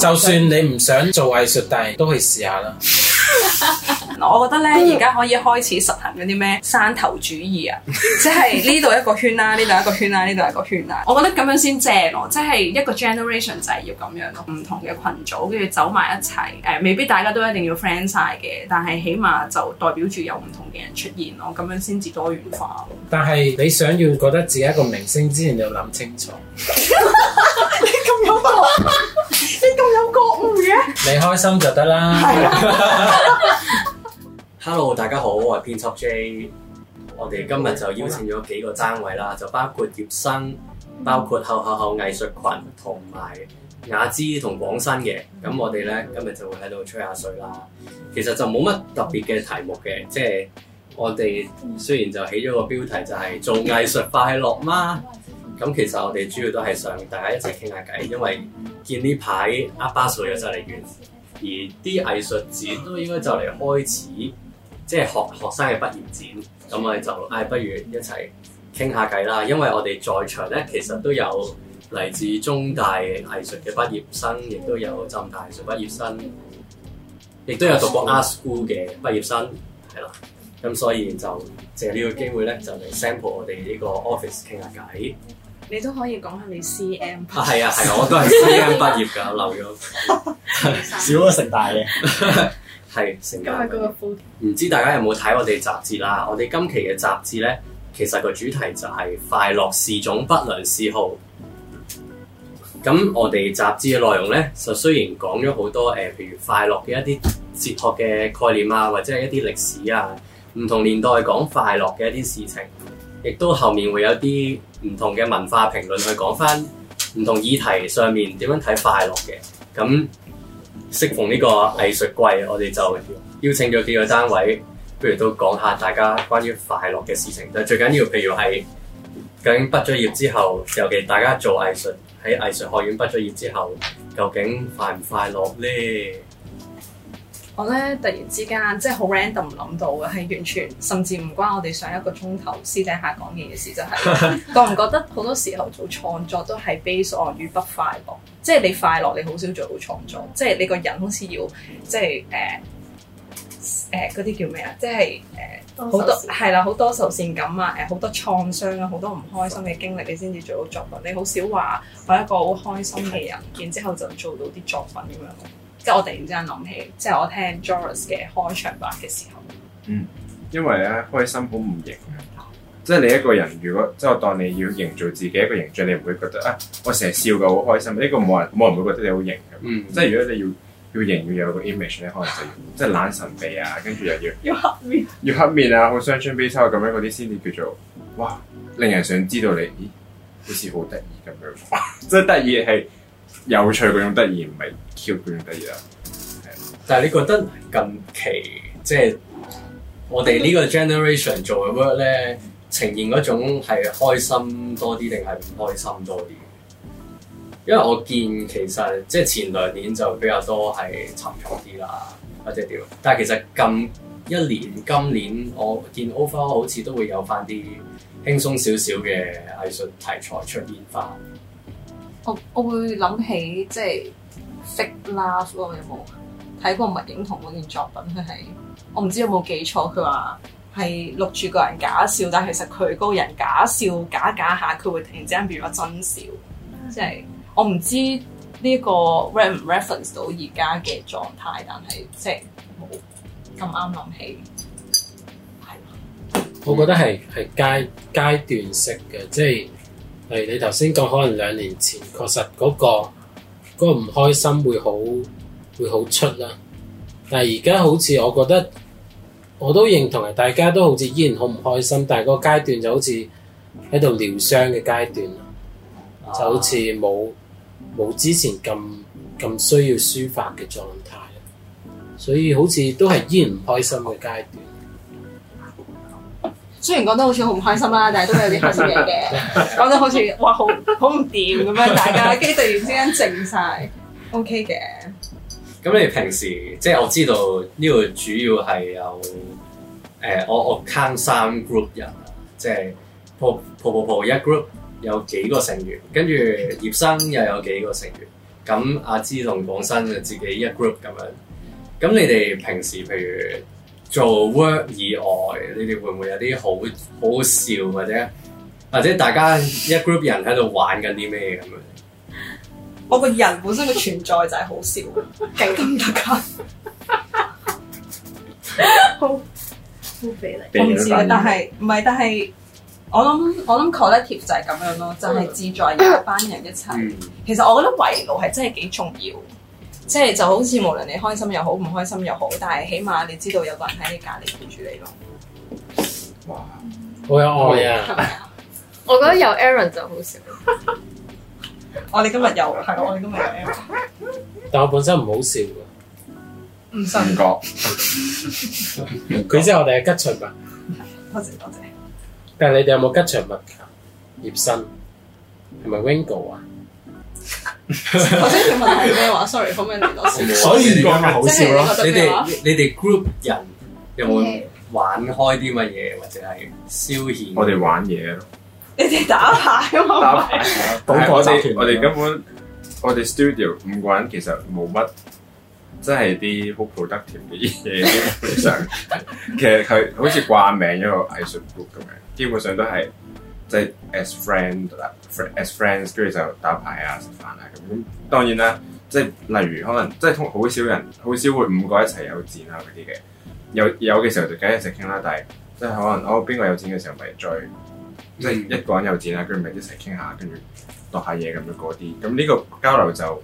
就算你唔想做藝術，但係都可以試下啦。 我覺得呢，而家可以開始實行嗰啲咩山頭主義啊，即係呢度一個圈啦、啊，呢度一個圈啦、啊，呢度一個圈啦、啊。我覺得咁樣先正咯，即、就、係、是、一個 generation 就要咁樣咯、啊，唔同嘅群組，跟住走埋一齊。誒、呃，未必大家都一定要 friend 晒嘅，但係起碼就代表住有唔同嘅人出現咯、啊，咁樣先至多元化、啊。 但係你想要覺得自己一個明星，之前要諗清楚。 你咁幽 你咁有覺悟嘅，你開心就得啦。 Hello，大家好，我係編輯 J。我哋今日就邀請咗幾個攤位啦，就包括葉生、包括後後後藝術群同埋雅姿同廣新嘅。咁我哋咧今日就會喺度吹下水啦。其實就冇乜特別嘅題目嘅，即係我哋雖然就起咗個標題就係做藝術快樂嗎？咁其實我哋主要都係想大家一齊傾下偈，因為見呢排阿巴所又就嚟完，而啲藝術展都應該就嚟開始，即係學學生嘅畢業展。咁我哋就唉，不如一齊傾下偈啦。因為我哋在場咧，其實都有嚟自中大藝術嘅畢業生，亦都有浸大藝術畢業生，亦都有讀過 Art School 嘅畢業生，係啦。咁所以就借呢個機會咧，就嚟 sample 我哋呢個 office 傾下偈。你都可以講下你 C M 啊，係啊，係啊，我都係 C M 畢業㗎，留咗 少咗成大嘅，係 成大。咁啊，唔知大家有冇睇我哋雜誌啦？我哋今期嘅雜誌呢，其實個主題就係快樂是種不良嗜好。咁我哋雜誌嘅內容呢，就雖然講咗好多誒，譬、呃、如快樂嘅一啲哲學嘅概念啊，或者係一啲歷史啊，唔同年代講快樂嘅一啲事情。亦都後面會有啲唔同嘅文化評論去講翻唔同議題上面點樣睇快樂嘅。咁，適逢呢個藝術季，我哋就邀請咗幾個單位，不如都講下大家關於快樂嘅事情。但最緊要，譬如係究竟畢咗業之後，尤其大家做藝術喺藝術學院畢咗業之後，究竟快唔快樂呢？我咧突然之間即係好 random 諗到嘅，係完全甚至唔關我哋上一個鐘頭私底下講嘅嘢事，就是，就係覺唔覺得好多時候做創作都係 base on 與不快樂，即係你快樂，你好少做到創作，即係你個人好似要即係誒誒嗰啲叫咩啊，即係誒好多係啦，好多愁善感啊，誒、呃、好多創傷啊，好多唔開心嘅經歷，你先至做到作品。你好少話我係一個好開心嘅人，嗯、然之後就做到啲作品咁樣。即係我突然之間諗起，即係我聽 Joris 嘅開場白嘅時候。嗯，因為咧、啊、開心好唔型，即係你一個人如果即係我當你要營造自己一個形象，你唔會覺得啊，我成日笑嘅好開心，呢個冇人冇人會覺得你好型嘅。嗯、即係如果你要要型要有個 image 你可能就要即係懶神秘啊，跟住又要要黑面，要黑面啊，好傷春悲秋咁樣嗰啲先至叫做哇，令人想知道你，咦、欸，好似好得意咁樣，即係得意係有趣嗰種得意，唔係。keep，但係你覺得近期即係我哋呢個 generation 做嘅 work 咧，呈現嗰種係開心多啲定係唔開心多啲？因為我見其實即係前兩年就比較多係沉重啲啦，或者點？但係其實近一年今年我見 overall 好似都會有返啲輕鬆少少嘅藝術題材出現返。我我會諗起即係。就是識 love 咯，laugh, 有冇睇過《麥影彤》嗰件作品？佢係我唔知有冇記錯，佢話係錄住個人假笑，但其實佢嗰個人假笑假假下，佢會突然之間變咗真笑。嗯、即係我唔知呢個 ref 唔 reference 到而家嘅狀態，但係即係冇咁啱諗起。係，我覺得係係階階段式嘅，即係例如你頭先講，可能兩年前確實嗰、那個。個唔開心會好會好出啦，但係而家好似我覺得我都認同係大家都好似依然好唔開心，但係個階段就好似喺度療傷嘅階段就好似冇冇之前咁咁需要抒發嘅狀態，所以好似都係依然唔開心嘅階段。雖然講得好似好唔開心啦，但係都有啲開心嘢嘅。講 得好似哇，好好唔掂咁樣，大家跟住 突然之間靜晒 OK 嘅。咁、 OK、的你平時即係我知道呢個主要係有誒、呃，我我 count 三 group 人，即係蒲蒲蒲蒲一 group 有幾個成員，跟住葉生又有幾個成員，咁阿姿同廣生就自己一 group 咁樣。咁你哋平時譬如，做 work 以外，你哋會唔會有啲好好笑，或者或者大家一 group 人喺度玩緊啲咩咁樣？我個人本身嘅存在就係好笑，勁得唔得㗎？好好肥力，唔知啊。但係唔係？但係我諗我諗 collective、嗯、就係咁樣咯，就係志在有一班人一齊。嗯、其實我覺得圍爐係真係幾重要。即係就好似，無論你開心又好，唔開心又好，但係起碼你知道有個人喺你隔離伴住你咯。哇！好有愛啊！係咪？ 我覺得有 Aaron 就好笑。我哋今日有係我哋今日有 Aaron，但我本身唔好笑噶。唔信？唔不覺？佢知我哋係吉祥物。多謝 多謝。多謝但係你哋有冇吉祥物啊？葉生？係咪 Wingo 啊？頭先 你問係咩話？Sorry， 可唔可以聯絡？所以好笑咯。你哋你哋 group 人有冇玩開啲乜嘢，或者係消遣？我哋玩嘢咯。你哋打牌？打牌。我哋我哋根本我哋 studio 五個人其實冇乜，即係啲好 productive 嘅嘢。基本上，其實佢好似掛名一個藝術 group 咁樣，基本上都係。即係 as friend 啦，as friends，跟住就打牌啊、食飯啊咁。咁當然啦，即係例如可能即係通好少人，好少會五個一齊有展啊嗰啲嘅。有有嘅跟 mate? 時候就梗一齊傾啦，但係即係可能哦，邊個有錢嘅時候咪再即係一個人有錢啦，跟住咪一齊傾下，跟住落下嘢咁樣嗰啲。咁呢個交流就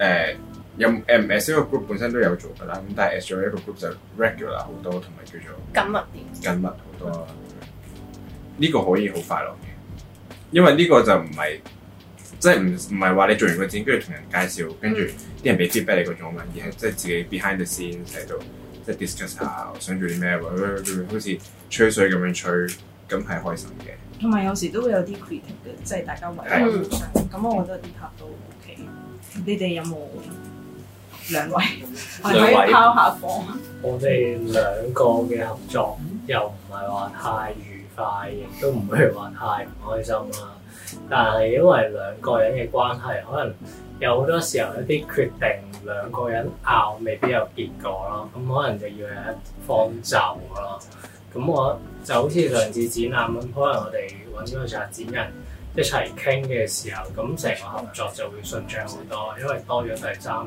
誒有誒，as 一個 group 本身都有做㗎啦。咁但係 as 咗一個 group 就 regular 好多，同埋叫做緊密啲，緊密好多。呢個可以好快樂嘅，因為呢個就唔係即係唔唔係話你做完個展，跟住同人介紹，跟住啲人俾 tip 俾你嗰種啊嘛，而係即係自己 behind the scenes 喺度即係 discuss 下我想做啲咩啊，或者好似吹水咁樣吹，咁係開心嘅。同埋有，有時都會有啲 critic 嘅，即係大家圍住咁，的我覺得啲拍都 OK 你有有，你哋有冇兩位可以拋下火，我哋兩個嘅合作又唔係話太但亦都唔會話太唔開心啦，但係因為兩個人嘅關係，可能有好多時候一啲決定，兩個人拗未必有結果咯，咁可能就要有一方就咯。咁我就好似上次展覽噉，可能我哋揾咗個策展人一齊傾嘅時候，咁成個合作就會順暢好多，因為多咗第三。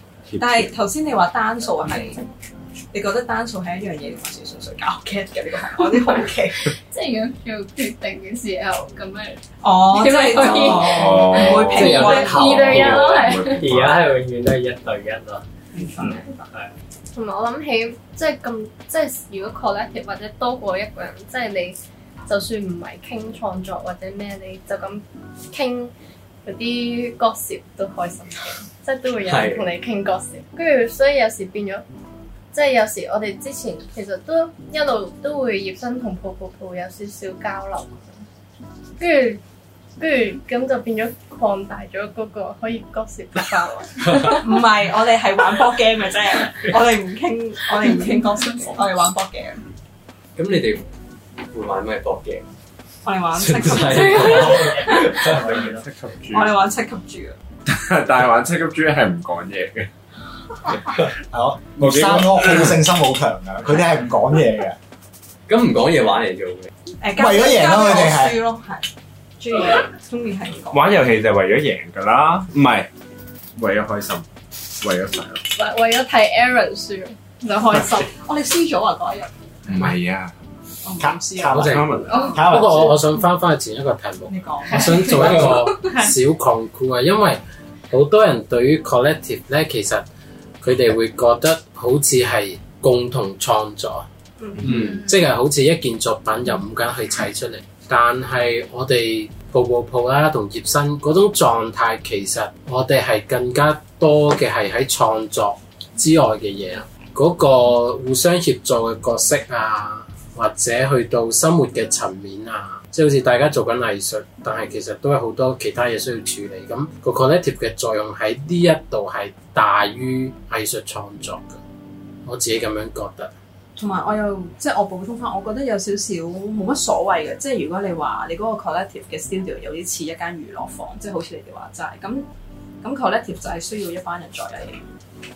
但係頭先你話單數係，你覺得單數係一樣嘢還是純粹搞劇嘅呢個係？我啲好、這個、奇 即、哦，即係如果要決定嘅時候咁樣，哦，點解可以？會平有啲頭，二對一咯，係。而家係永遠都係一對一咯，係。同埋我諗起，即係咁，即係如果 collaborative 或者多過一個人，即係你就算唔係傾創作或者咩，你就咁傾。嗰啲角色都開心，嘅，即係都會有同你傾角色。跟住所以有時變咗，即係有時我哋之前其實都一路都會熱身同抱抱抱，有少少交流，跟住跟住咁就變咗擴大咗嗰個可以角色嘅範圍。唔係，我哋係玩博 game 嘅啫，我哋唔傾，我哋唔傾角色。我哋玩博 game。咁你哋會玩咩博 game？我哋玩七級豬， 真 我哋玩七級豬。但係、 啊、玩七級豬係唔講嘢嘅，好，冇三樖，好勝心好強㗎，佢哋係唔講嘢嘅。咁唔講嘢玩嚟做咩？為咗贏咯，佢哋係。中意中意睇。玩遊戲就係為咗贏㗎啦，唔係為咗開心，為咗洗。為咗睇 Aaron 輸就開心。我哋、 哦、輸咗啊嗰一日。唔係啊。不過我我想翻返去前一個題目，我想做一個小擴闊啊，因為好多人對於 collective 咧，其實佢哋會覺得好似係共同創作，嗯，嗯即係好似一件作品又唔緊去砌出嚟。嗯、但係我哋步步鋪啦同葉生嗰種狀態，其實我哋係更加多嘅係喺創作之外嘅嘢啦，嗰、嗰個互相協助嘅角色啊。或者去到生活嘅層面啊，即係好似大家做緊藝術，但係其實都有好多其他嘢需要處理。咁個 collective 嘅作用喺呢一度係大於藝術創作嘅，我自己咁樣覺得。同埋我又即係我補充翻，我覺得有少少冇乜所謂嘅，即係如果你話你嗰個 collective 嘅 studio 有啲似一間娛樂房，即係好似你哋話齋，咁咁 collective 就係需要一班人再嚟。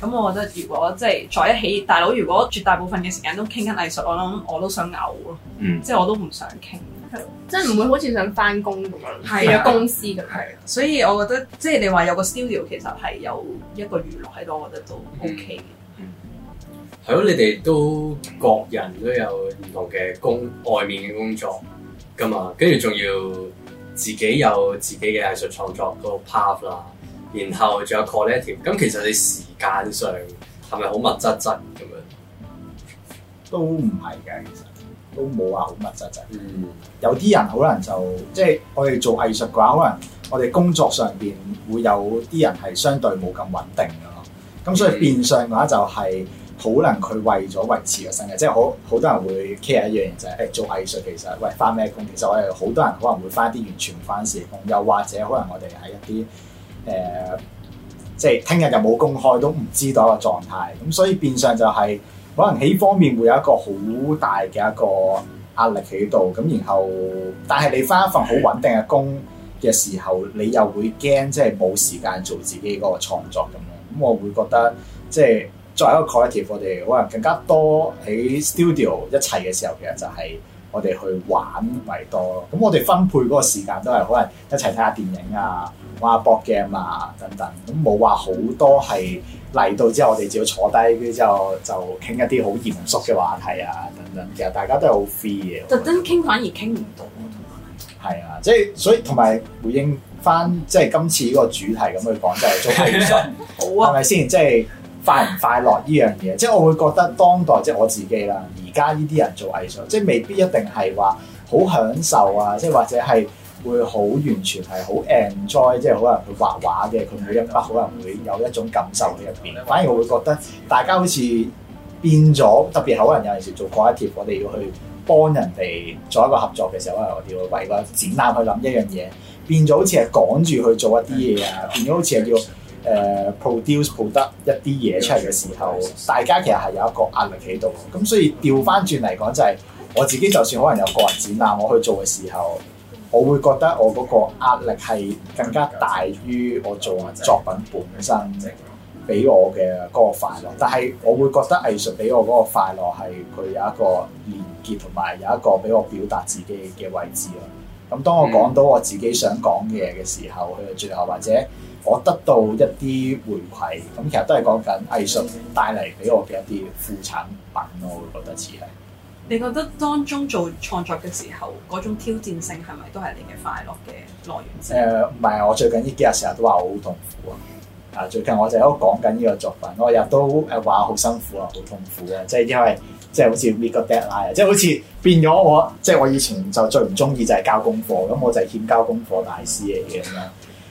咁我覺得，如果即係在一起，大佬如果絕大部分嘅時間都傾緊藝術，我諗我都想嘔咯，嗯、即係我都唔想傾，係啊即係唔會好似想返工咁樣，變咗公司咁。係係啊係啊，所以我覺得即係、即係、你話有個 studio，其實係有一個娛樂喺度，我覺得都 OK 嘅。嗯，係咯，你哋都各人都有唔同嘅工，外面嘅工作噶嘛，跟住仲要自己有自己嘅藝術創作，嗰個 path 啦。然後仲有 collect 咁，其實你時間上係咪好密質質咁樣？都唔係嘅，其實都冇話好密質質。嗯，有啲人可能就即係我哋做藝術嘅話，可能我哋工作上邊會有啲人係相對冇咁穩定咯。咁所以變相嘅話就係可能佢為咗維持個生計，嗯、即係好好多人會 care 一樣嘢就係誒做藝術其實喂返咩工？其實我哋好多人可能會返啲完全返時工，又或者可能我哋喺一啲。誒、呃，即係聽日就冇公開，都唔知道一個狀態。咁所以變相就係、是、可能喺方面會有一個好大嘅一個壓力喺度。咁然後，但係你返一份好穩定嘅工嘅時候，你又會驚即係冇時間做自己嗰個創作咁咯。咁我會覺得即係作為一個 creative，我哋可能更加多喺 studio 一齊嘅時候，其實就係、是。我哋去玩咪多咯，咁我哋分配嗰個時間都係可能一齊睇下電影啊、玩下、啊、board game 啊等等，咁冇話好多係嚟到之後我哋只要坐低，跟之後就傾一啲好嚴肅嘅話題啊等等，其實大家都係好 free 嘅。特登傾反而傾唔到喎、啊，係啊，即係所以同埋回應返即係今次呢個主題咁去講就係中年好啊，係咪先？即係。快唔快樂呢樣嘢，即係我會覺得當代即係我自己啦。而家呢啲人做藝術，即係未必一定係話好享受啊，即係或者係會好完全係好 enjoy，即係可能佢畫畫嘅佢每一筆，可能會有一種感受喺入邊。反而我會覺得大家好似變咗，特別可能有陣時做個一貼，我哋要去幫人哋做一個合作嘅時候，可能我哋要為個展覽去諗一樣嘢，變咗好似係趕住去做一啲嘢啊，變咗好似係叫。誒、uh, produce produce 得一啲嘢出嚟嘅時候，大家其實係有一個壓力喺度。咁所以調翻轉嚟講，就係我自己，就算可能有個人展覽我去做嘅時候，我會覺得我嗰個壓力係更加大於我做作品本身俾我嘅嗰個快樂。但係我會覺得藝術俾我嗰個快樂，係佢有一個連結同埋有一個俾我表達自己嘅位置咯。咁當我講到我自己想講嘢嘅時候，去到最後或者～我得到一啲回饋，咁其實都係講緊藝術帶嚟俾我嘅一啲副產品咯，我覺得似係。你覺得當中做創作嘅時候，嗰種挑戰性係咪都係你嘅快樂嘅來源？誒、呃，唔係啊！我最近呢幾日成日都話好痛苦啊！啊，最近我就喺度講緊呢個作品，我又都誒話好辛苦啊，好痛苦啊，即係因為即係好似 meet 個 deadline，即係好似變咗我，即係我以前就最唔中意就係交功課，咁我就係欠交功課大師嚟嘅咁樣。嗯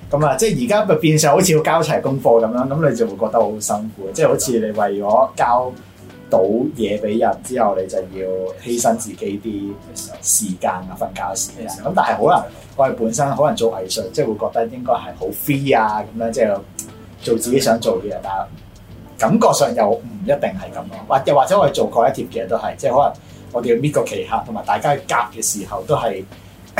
咁啊，即係而家咪變相好似要交齊功課咁樣，咁你就會覺得好辛苦。即係好似你為咗交到嘢俾人之後，你就要犧牲自己啲時間啊、瞓覺時間。咁但係可能我哋本身可能做藝術，即係會覺得應該係好 free 啊咁樣，即係做自己想做嘅嘢。但感覺上又唔一定係咁咯。或又或者我哋做 creative 嘅都係，即係可能我哋要搣個期限，同埋大家要夾嘅時候都係。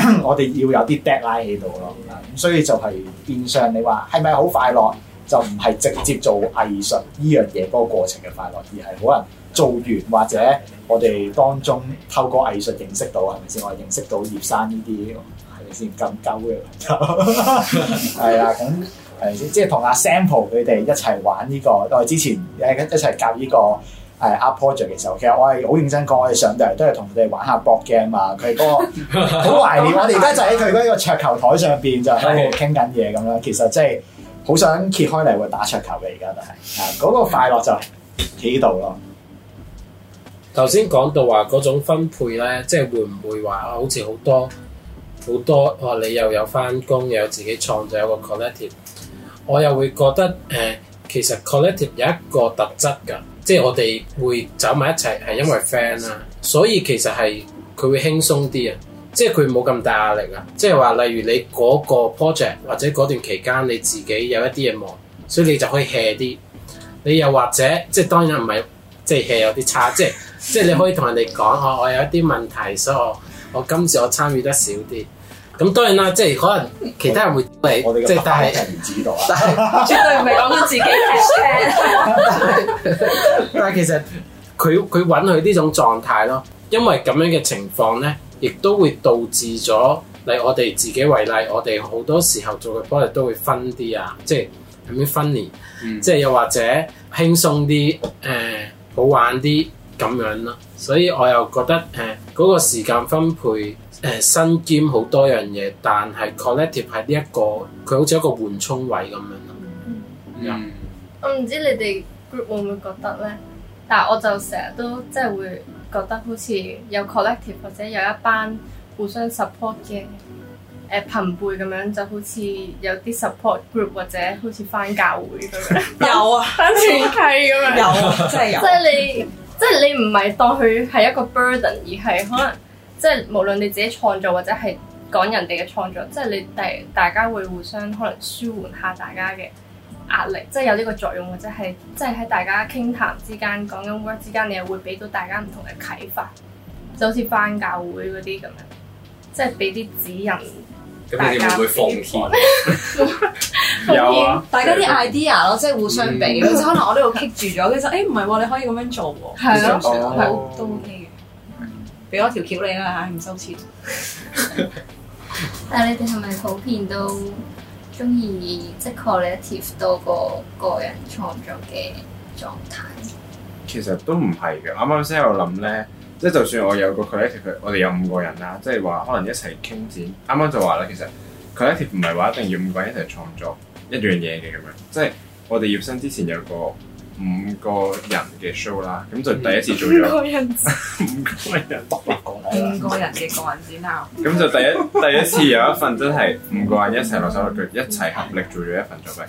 咳咳，我哋要有啲 deadline 喺度咯，咁所以就係變相你話係咪好快樂？就唔係直接做藝術呢樣嘢嗰個過程嘅快樂，而係可能做完或者我哋當中透過藝術認識到係咪先？是，是我認識到葉生呢啲係咪先咁鳩嘅朋友，係啊，咁 誒 即係同阿 sample 佢哋一齊玩呢、這個，我哋之前一齊夾呢個。係 apologize 嘅時候，其實我係好認真講，我哋上到嚟都係同佢哋玩下博 game 嘛。佢嗰個好 懷念，我哋而家就喺佢嗰個桌球台上邊 就喺度傾緊嘢咁樣。 其實即係好想揭開嚟會打桌球嘅，而家就係嗰個快樂就喺度咯。頭先講到話嗰種分配咧，即係會唔會話好似好多好多哦？你又有翻工，又有自己創作一個 collective，我又會覺得誒、呃，其實 collective 有一個特質㗎。即係我哋會走埋一齊係因為 friend 啦，所以其實係佢會輕鬆啲啊，即係佢冇咁大壓力啊。即係話，例如你嗰個 project 或者嗰段期間你自己有一啲嘢忙，所以你就可以 hea 啲。你又或者即係當然唔係即係 hea 有啲差，即係即係你可以同人哋講哦，我有一啲問題，所以我我今次我參與得少啲。咁當然啦，即係可能其他人會嚟，我哋即係但係唔知道 但，但係絕對唔係講到自己。但係其實佢佢允許呢種狀態咯，因為咁樣嘅情況咧，亦都會導致咗嚟我哋自己為例，我哋好多時候做嘅波都會分啲啊，即係咁樣分年，funny，嗯、即係又或者輕鬆啲、誒、呃、好玩啲咁樣咯。所以我又覺得誒嗰、呃嗰個時間分配。誒身兼好多樣嘢，但係 collective 係呢一個，佢好似一個緩衝位咁樣咯。嗯，樣嗯，我唔知你哋 group 會唔會覺得咧？但係我就成日都即係會覺得好似有 collective 或者有一班互相 support 嘅誒朋輩咁樣，就好似有啲 support group 或者好似返教會咁樣。 有啊，好似係咁樣。 有，真係有。即係你，即係你唔係當佢係一個 burden，而係可能。 即係無論你自己創作或者係講人哋嘅創作，即係你第大家會互相可能舒緩下大家嘅壓力，即係有呢個作用，或者係即係喺大家傾談，談之間講緊 work 之間，你又會俾到大家唔同嘅啟發，就好似返教會嗰啲咁樣，即係俾啲指引。大家咪會放鬆？嗯嗯、大家啲 idea 咯，即係互相俾，可能我呢度棘住咗，其實誒唔係喎，你可以咁樣做喎，係咯，啊，想想好 o 俾我條橋你啦嚇，唔收錢。 但係你哋係咪普遍都中意即 collective 多過個人創作嘅狀態？其實都唔係嘅，啱啱先喺度諗咧，即係就算我有個 collective，我哋有五個人啦，即係話可能一齊傾展。啱啱就話啦，其實 collective 唔係話一定要五個人一齊創作一樣嘢嘅咁樣，即係我哋業生之前有個。五個人嘅 show 啦，咁就第一次做咗五個人，五個人特別五個人嘅個人展覽。咁就第一第一次有一份真係五個人一齊落手落腳，一齊合力做咗一份作品。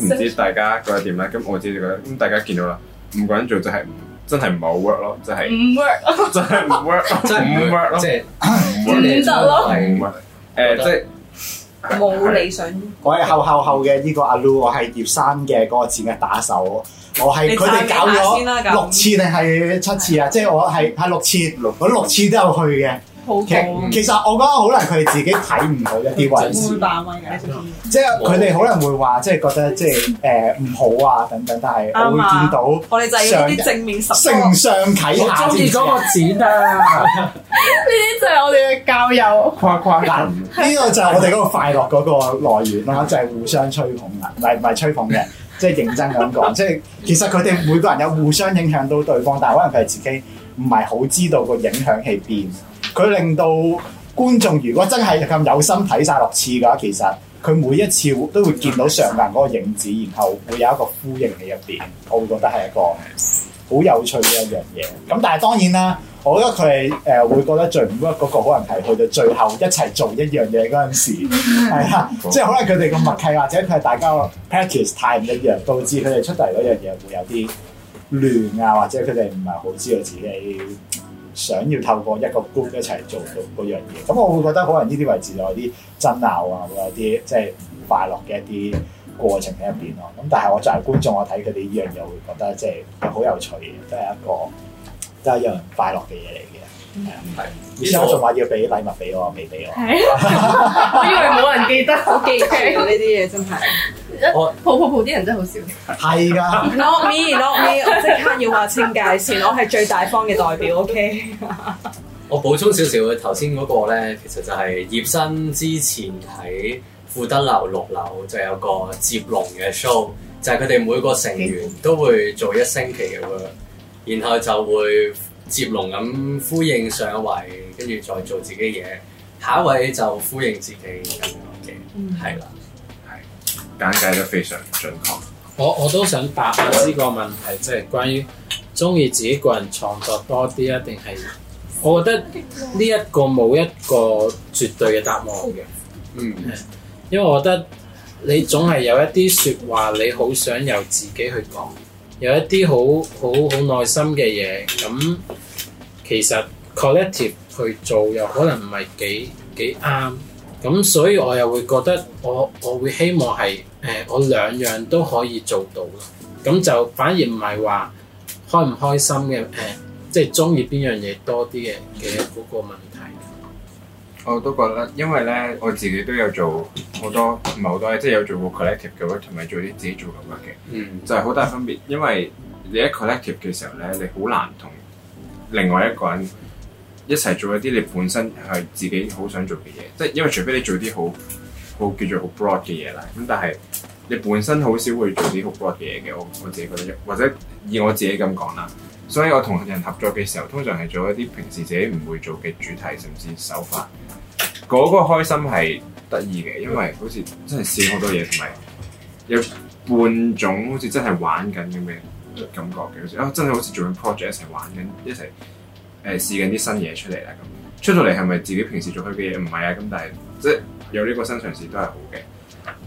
咁唔知大家覺得點咧？咁我只係覺得咁大家見到啦，五個人做就係真係唔係好 work 咯，就係唔 work，就係唔 work，即係唔 work 咯，即係唔得咯，唔得誒，即係冇理想。我係後後後嘅呢個阿 Lu，我係葉生嘅嗰個展嘅打手咯。我係佢哋搞咗六次定係七次啊？即係我係，係六次，六次都有去嘅。好，其實我覺得好難，佢哋自己睇唔到一啲位置。即係佢哋可能會話，即係覺得即係誒唔好啊等等。但係我會見到我哋就嗰啲正面成上啟下，中意嗰個剪啊。呢啲就係我哋嘅交友誇誇。呢個就係我哋嗰個快樂嗰個來源啦，就係互相吹捧啦，唔係唔係吹捧嘅。即係認真咁講，即係其實佢哋每個人有互相影響到對方，但係可能佢係自己唔係好知道個影響係邊。佢令到觀眾如果真係咁有心睇晒六次嘅話，其實佢每一次都會見到上個人嗰個影子，然後會有一個呼應喺入邊。我會覺得係一個好有趣嘅一樣嘢。咁但係當然啦。我覺得佢哋誒會覺得最唔屈嗰個，那個可能係去到最後一齊做一樣嘢嗰陣時，啊， 即係可能佢哋個默契或者佢哋大家 practice 太唔一樣，導致佢哋出嚟嗰樣嘢會有啲亂啊，或者佢哋唔係好知道自己想要透過一個 group 一齊做到嗰樣嘢。咁我會覺得可能呢啲位置有啲爭拗啊，會有啲即係快樂嘅一啲過程喺入邊咯。咁但係我作為觀眾，我睇佢哋呢樣嘢會覺得即係好有趣嘅，都係一個。真係一樣快樂嘅嘢嚟嘅，係啊，而且我仲話要俾禮物俾我，未俾我啊。我以為冇人記得，好 記住呢啲嘢真係。我抱抱抱啲人真係好少。係㗎的。Not me，Not me，我即刻要話清界線，我係最大方嘅代表。OK。 我補充少少佢頭先嗰個咧，其實就係葉生之前喺富德樓六樓就有個接龍嘅 show，就係佢哋每個成員都會做一星期咁樣。然後就會接龍咁呼應上一位，跟住再做自己嘢。下一位就呼應自己咁樣嘅，係、okay，啦、嗯，係簡介得非常準確。我我都想答下呢個問題，即係關於鍾意自己個人創作多啲啊，定係我覺得呢一個冇一個絕對嘅答案嘅。嗯，因為我覺得你總係有一啲説話，你好想由自己去講。有一啲好好好耐心嘅嘢，咁其實 collective 去做又可能唔係幾幾啱，咁所以我又會覺得我我會希望係誒、呃、我兩樣都可以做到咯，咁就反而唔係話開唔開心嘅誒、呃、即係中意邊樣嘢多啲嘅嘅嗰個問題。我都覺得，因為咧，我自己都有做好多唔係好多即係有做過 collective 嘅，同埋做啲自己做嘅 work 嘅，嗯、就係好大分別。因為你一 collective 嘅時候咧，你好難同另外一個人一齊做一啲你本身係自己好想做嘅嘢，即係因為除非你做啲好好叫做好 broad 嘅嘢啦，咁但係你本身好少會做啲好 broad 嘅嘢嘅，我我自己覺得，或者以我自己咁講啦，所以我同人合作嘅時候，通常係做一啲平時自己唔會做嘅主題，甚至手法。嗰個開心係得意嘅，因為好似真係試好多嘢，同埋有，有半種好似真係玩緊咁嘅感覺嘅。好似啊，真係好似做緊 project 一齊玩緊，一齊誒、呃、試緊啲新嘢出嚟啊咁。出到嚟係咪自己平時做開嘅嘢？唔係啊，咁但係即係有呢個新嘗試都係好嘅。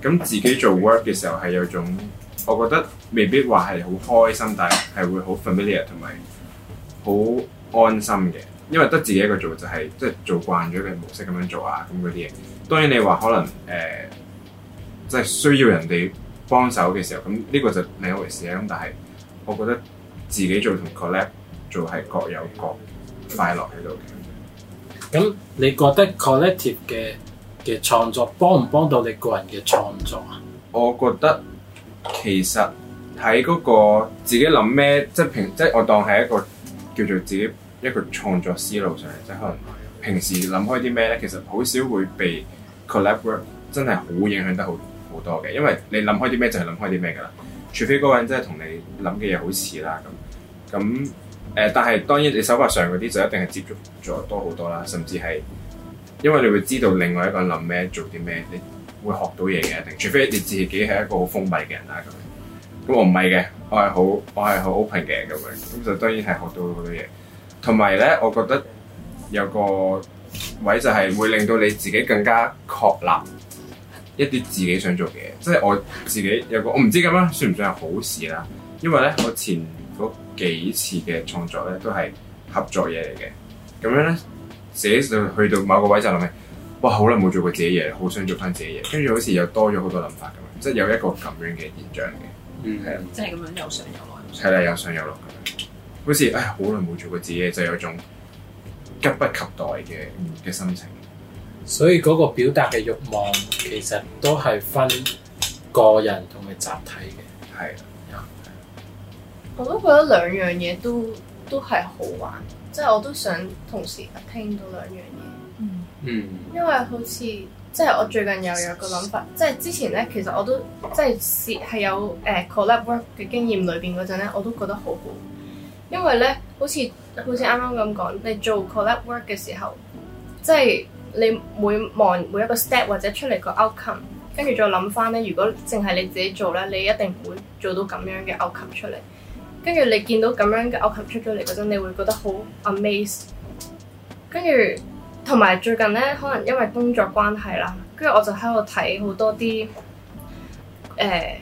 咁自己做 work 嘅時候係有種，我覺得未必話係好開心，但係係會好 familiar 同埋好安心嘅。因為得自己一個做，就係即係做慣咗嘅模式咁樣做啊，咁嗰啲嘢。當然你話可能誒，即係需要人哋幫手嘅時候，咁呢個就另一回事啊。咁但係我覺得自己做同 collect 做係各有各快樂喺度嘅。咁你覺得 collective 嘅嘅創作幫唔幫到你個人嘅創作啊？我覺得其實喺嗰個自己諗咩，即係平，即係我當係一個叫做自己。一個創作思路上，嚟，即係可能平時諗開啲咩咧，其實好少會被 collaborate 真係好影響得好好多嘅。因為你諗開啲咩就係諗開啲咩㗎啦，除非嗰個人真係同你諗嘅嘢好似啦咁咁誒。但係當然你手法上嗰啲就一定係接觸咗多好多啦，甚至係因為你會知道另外一個人諗咩做啲咩，你會學到嘢嘅一定。除非你自己係一個好封閉嘅人啊咁。咁我唔係嘅，我係好我係好 open 嘅咁樣，咁就當然係學到好多嘢。同埋咧，我覺得有個位就係會令到你自己更加確立一啲自己想做嘅嘢，即係我自己有個我唔知咁樣，算唔算係好事啦？因為咧，我前嗰幾次嘅創作咧都係合作嘢嚟嘅，咁樣咧寫到去到某個位就諗起，哇！好耐冇做過自己嘢，好想做翻自己嘢，跟住好似又多咗好多諗法咁，即係有一個咁樣嘅現象嘅，嗯，係即係咁樣有上有落，係啦，有上有落咁樣。好似唉，好耐冇做過自己，就是、有一種急不及待嘅嘅、嗯、心情。所以嗰個表達嘅欲望，其實都係分個人同埋集體嘅。係啊，我都覺得兩樣嘢都都係好玩，即、就、係、是、我都想同時聽到兩樣嘢。嗯，因為好似即係我最近又有，有一個諗法，即、就、係、是、之前呢，其實我都即係試係有誒、呃、collab work 嘅經驗裏邊嗰陣呢，我都覺得好好。因為咧，好似好似啱啱咁講，你做 collab work 嘅時候，即係你每望每一個 step 或者出嚟個 outcome，跟住再諗返咧，如果淨係你自己做咧，你一定唔會做到咁樣嘅 outcome 出嚟。跟住你見到咁樣嘅 outcome 出咗嚟嗰陣，你會覺得好 amazed。跟住同埋最近咧，可能因為工作關係啦，跟住我就喺度睇好多啲誒舊、呃、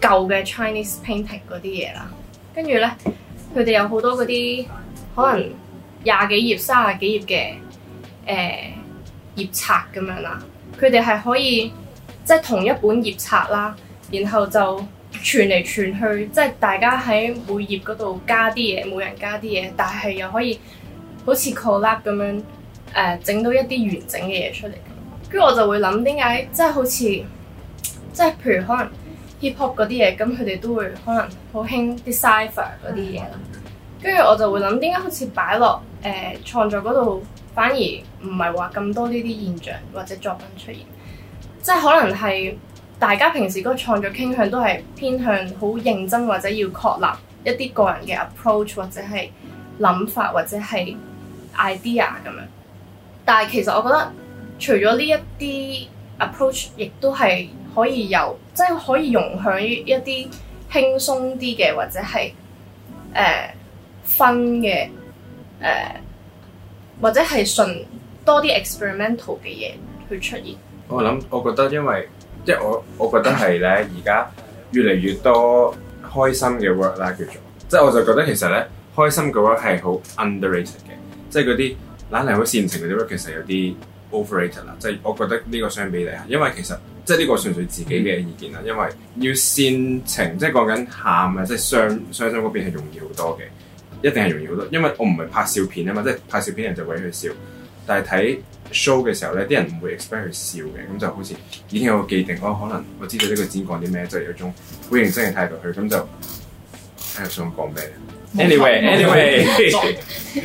嘅 Chinese painting 嗰啲嘢啦，跟住咧。佢哋有好多嗰啲可能廿幾頁、三十幾頁嘅誒頁冊咁樣啦。佢哋係可以即係同一本頁冊啦，然後就傳嚟傳去，即係大家喺每頁嗰度加啲嘢，每人加啲嘢，但係又可以好似 collab 咁樣誒整、呃、到一啲完整嘅嘢出嚟。跟住我就會諗點解即係好似即係譬如可能。hiphop 嗰啲嘢，咁佢哋都會可能好興 cypher 嗰啲嘢啦。跟住 我就會諗點解好似擺落誒創作嗰度，反而唔係話咁多呢啲現象或者作品出現，即係可能係大家平時個創作傾向都係偏向好認真，或者要確立一啲個人嘅 approach 或者係諗法或者係 idea 咁樣。但係其實我覺得，除咗呢一啲 approach，亦都係。可以由即係可以容許一啲輕鬆啲嘅，或者係誒、呃、分嘅誒、呃，或者係順多啲 experimental 嘅嘢去出現。我諗我覺得，因為即係我我覺得係咧，而家越嚟越多開心嘅 work 啦，叫做即係我就覺得其實咧，開心嘅 work 係好 underrated 嘅，即係嗰啲冷靜好煽情嗰啲 work 其實有啲 overrated 啦。即係我覺得呢個相比你，啊，因為其實。即係呢個純粹自己嘅意見啦，因為要煽情，即係講緊喊啊，即係傷、傷心嗰邊係容易好多嘅，一定係容易好多，因為我唔係拍笑片啊嘛，即係拍笑片人就為佢笑，但係睇 show 嘅時候咧，啲人唔會 expect 佢笑嘅，咁就好似已經有個既定，我可能我知道呢個演講啲咩，即、就、係、是、有種好認真嘅態度去，咁就喺度想講咩？Anyway，Anyway，